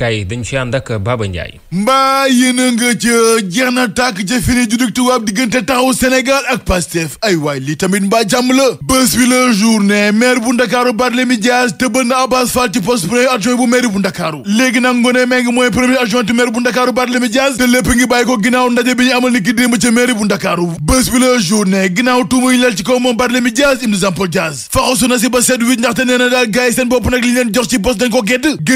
yéenekaay yi dañ ci ànd ak Baba Ndiaye mbaa yéen a nga ca jeex na tàkk ca fini ju dug diggante taxaw Sénégal ak Pastef ay waay lii tamit mbaa jàmm la bés bi journée maire bu Ndakaaru Barthélémy Dias tëbal na Abbas Fall ci poste premier adjoint bu maire bu Ndakaaru léegi nag maire bu Ndakaaru Barthélémy Dias te lépp ngi bàyyi ko ginnaaw ndaje bi ñu amal ni ki ca maire bu Ndakaaru bés bi journée ginnaaw tuuma ñu lal ci kaw moom Barthélémy Dias Ibn Jean-Paul Dias faxasu na si ba seet wit ndaxte nee daal gars yi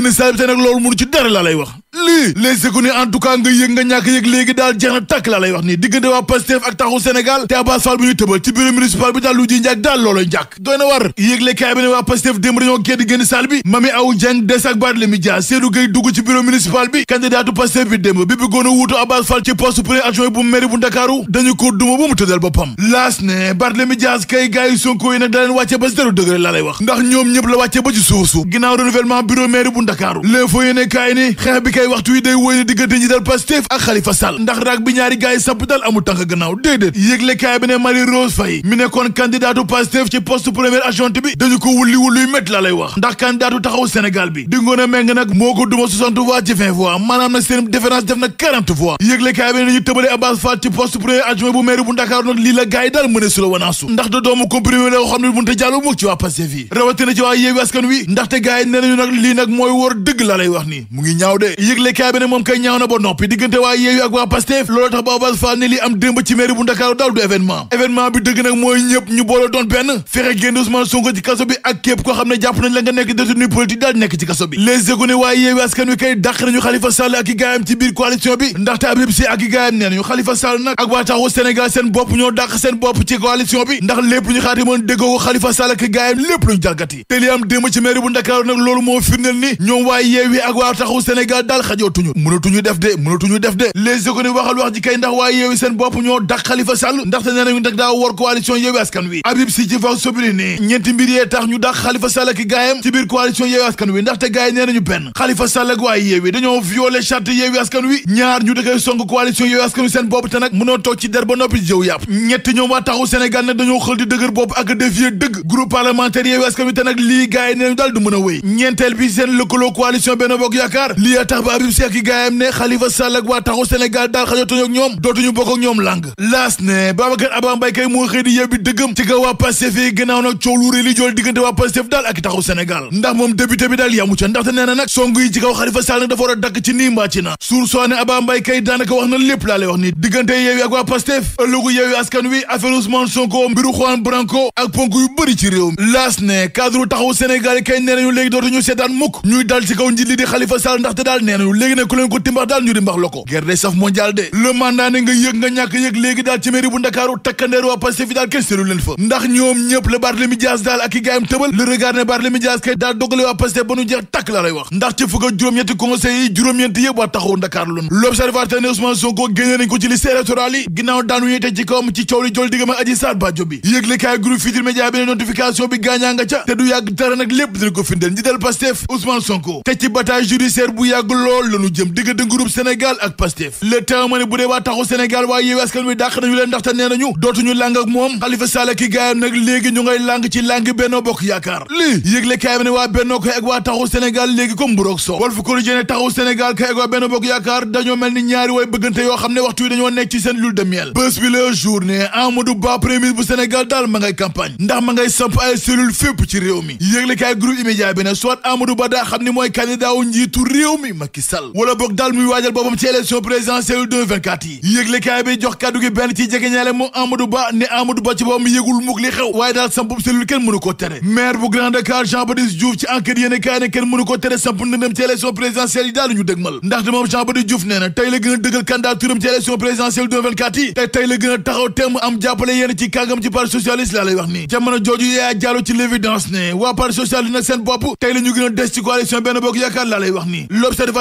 seen dara laa lay wax lii les économies en nga yëg nga ñàkk yëg léegi daal jeex na tàkk laa lay wax nii diggante waa Pastef ak taxu Sénégal te Abass Fall bi ñu tëbal ci bureau municipal bi daal lu ji njàkk daal loolooy njàkk doy na war yëgle kaay bi ne waa Pastef démb dañoo génn génn salle bi Mami Aw Dieng des ak Barthélémy Dia Seydou Gueye dugg ci bureau municipal bi candidaatu Pastef bi démb bi bëggoon a wuutu Abass ci poste premier adjoint bu mairie bu Ndakaaru kay waxtu wi day wóy diggante ñi dal Pastef ak Khalifa Sall ndax raag bi ñaari gaay yi dal amul tànk gannaaw déedéet yëgle kaay bi ne Marie Rose Faye mi nekkoon candidaatu Pastef ci poste première adjointe bi dañu ko wulli wulluy métti la wax ndax candidaatu taxaw Sénégal bi di Ngoné Mbengue nag moo ko duma 60 voix ci 20 voix maanaam nag seen différence def na 40 voix yëgle kaay bi ne nañu tëbale Abbas Fall ci poste premier adjoint bu maire yëgle kaay moom kay ñaaw ba noppi diggante waa yeeyu ak waa Pastef loolu tax Babacar Fall ne li am démb ci mairie bu Ndakaaru nag loolu moo firndeel ni ñoom waa yeewi ak waa taxawu Sénégal daal xajootuñu mënatuñu def de mënatuñu def de les économies waxal wax ji kay ndax waaye yeewi seen bopp ñoo dak Khalifa Sall ndaxte nee nañu nag daa war coalition yeewi askan wi Habib Sy ci Vox Populi nii ñeenti mbir yee tax ñu dàq Khalifa Sall ak gaayam ci yeewi askan wi ndaxte gaay nee nañu benn yeewi askan wi ñaar ñu dëkkay song coalition yeewi askan wi seen bopp te nag mënoo toog ci der ba noppi jëw yàpp ñett ñoom waa taxu Sénégal nag dañoo xël di bopp ak défier dëgg groupe parlementaire yeewi askan wi te lii a wéy ñeenteel bi seen lëkkaloo coalition Benno Bokk Yaakaar lii tax Babacar Seck yi gaayam ne Khalifa Sall ak waa taxaw Sénégal daal xajatuñu ak ñoom dootuñu bokk ñoom làng laas ne Babacar Abba Mbaye kay moo xëy di yebbi dëggam ci ka waa Pastef yi gannaaw nag coow lu rëy diggante waa Pastef daal ak taxaw Sénégal ndax moom député bi daal yamu ca ndaxte nee na nag song yi ci kaw Khalifa Sall nag dafa a dakk ci nii mbaa ci na suur soo ne Abba Mbaye kay daanaka wax na lépp laa lay wax ni diggante yeewi ak waa Pastef ëllëgu yeewi nee léegi nag ku leen ko timbax daal ñu mbax la ko guerre day saf mondial de le mandat nga yëg nga ñàkk yëg léegi daal ci mairie bu ndakaaru takkandeer waa Pastef fi daal kenn seelu leen fa ndax ñoom ñëpp la Barthélémy Dias daal ak i gaayam tëbal le regard ne Barthélémy Dias kay daal dogale waa Pastef ba jeex takk la lay wax ndax ci fukk juróom-ñetti conseil juróom-ñetti yëpp waa taxawu ndakaar lu l'observateur ne Ousmane Sonko génne ko ci li jol diggam lool lañu jëm diggante groupe Sénégal ak Pastef le temps ma ne bu dee waa taxu Sénégal waa Yewwi Askan Wi dàq nañu leen ndaxte nee nañu dootuñu làng ak moom Khalifa Sall ki gaayam nag léegi ñu ngay làng ci làng Benno Bokk Yaakaar lii yëgle kaay ne waa Benno koy ak waa taxu Sénégal léegi comme mburoog so Walf Quotidien taxu Sénégal kay ak waa Benno Bokk Yaakaar dañoo mel ni ñaari way bëggante yoo xam ne waxtu yi dañoo nekk ci seen lune de miel bés bi la daal ma ngay campagne ndax ma ngay samp ay cellule réew mi yëgle kaay groupe immédiat bi ne soit Amadou Ba daa xam ni mooy candidat wu njiitu réew mi Macky Sall daal muy waajal boppam ci élection présidentielle 2024 yi yëglekaay bi jox kaddu gi benn ci jegeñaale moom Amadou Ba ne Amadou Ba ci boppam yëgul mukk li xew waaye daal sampub cellule kenn mënu ko tere maire bu Grand Dakar Jean Baptiste Diouf ci enquête yéen kaay ne kenn mënu ko tere samp ndëndëm ci élection présidentielle yi daal ñu dëgmal ndaxte moom Jean Baptiste Diouf nee na tey la gën a ci élection présidentielle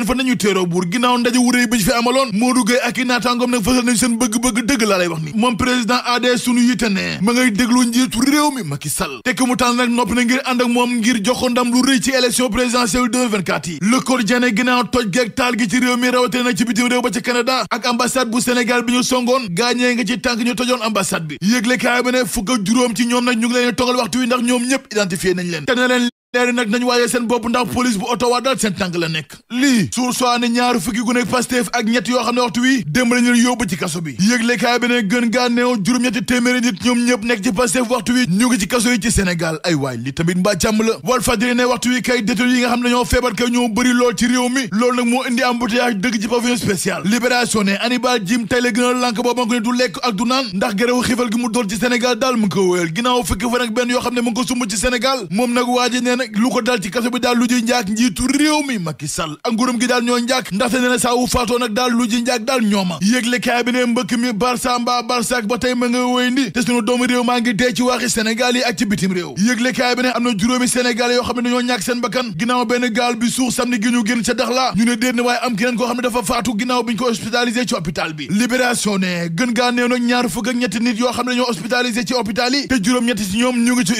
beneen fa nañu téeroo buur ginnaaw ndaje wu rëy bi ñu fi amaloon Modou Gueye ak i naataangoom nag fësal nañ seen bëgg-bëgg dëgg laa lay wax ni moom président ADS sunu yitte ne ma ngay déglu njiitu réew mi Macky Sall tekk mu tànn nag nopp na ngir ànd ak moom ngir jox ko ndam lu rëy ci élection présidentielle 2024 yi Le Quotidien ginnaaw toj geeg taal gi ci réew mi rawatee nag ci bitim réew ba ci Canada ak ambassade bu Sénégal bi ñu songoon gaañee nga ci tànk ñu tojoon ambassade bi yëgle kaay ba ne ci ñoom nag ñu ngi leen di togal waxtu wi ndax ñoom ñëpp identifié nañ leen leeri nag nañu waaye seen bopp ndax police bu Ottawa daal seen tànk la nekk lii suur soi ne ñaari fukki gu nekk Pastef ak ñett yoo xam ne waxtu wi démb lañu yóbbu ci kaso bi yëglekaay bi ne gën gaa juróom-ñetti téeméeri nit ñoom ñëpp nekk ci Pastef waxtu wi ñu ngi ci kaso yi ci Sénégal ay waay li tamit mbaa càmm la Walf Fadjri ne waxtu wi kay détenu yi nga xam ne ñoo feebar kay ñoo bëri lool ci réew mi loolu nag moo indi embouteillage dëgg ci a lànk boobu ko ne du lekk ak du naan yoo xam nag lu ko dal ci kaso bi daal lu ji njaak njiitu réew mi Macky Sall ak nguuram gi daal ñoo njaak ndaxte nee na saa wu lu ji njaak daal ñooma yëgle kaay bi mbëkk mi Barça mbaa Barsaak ba tey ma nga wéy ndi te sunu doomu réew maa ngi dee ci waaxi Sénégal yi ak bitim réew yëgle kaay bi ne juróomi Sénégal yoo xam ne dañoo ñàkk seen bakkan ginnaaw benn gaal bi suux samedi gi ñu génn ca Dakhla ñu ne déet ne waaye am keneen koo xam ne dafa faatu ginnaaw bi ñetti nit yoo xam ne dañoo hospitalisé ci hôpital yi te juróom-ñetti si ñoom ñu ngi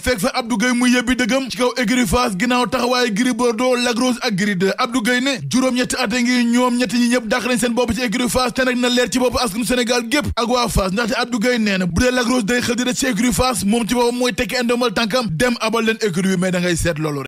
fekk fa Abdou Gueye mu yebbi dëggam ci kaw écurie Fass ginnaaw taxawaay Gris Bordeaux Lac Rose ak Gris 2 Abdou Gueye ne juróom-ñetti at ngi ñoom ñetti ñi ñëpp dàq nañ seen bopp ci écurie Fass te nag na leer ci bopp askanu Sénégal gépp ak waa ndaxte Abdou Gueye nee bu dee Lac Rose day xel di def ci écurie Fass moom ci boppam mooy tekki indombal tànkam dem abal leen écurie bi mais da ngay seet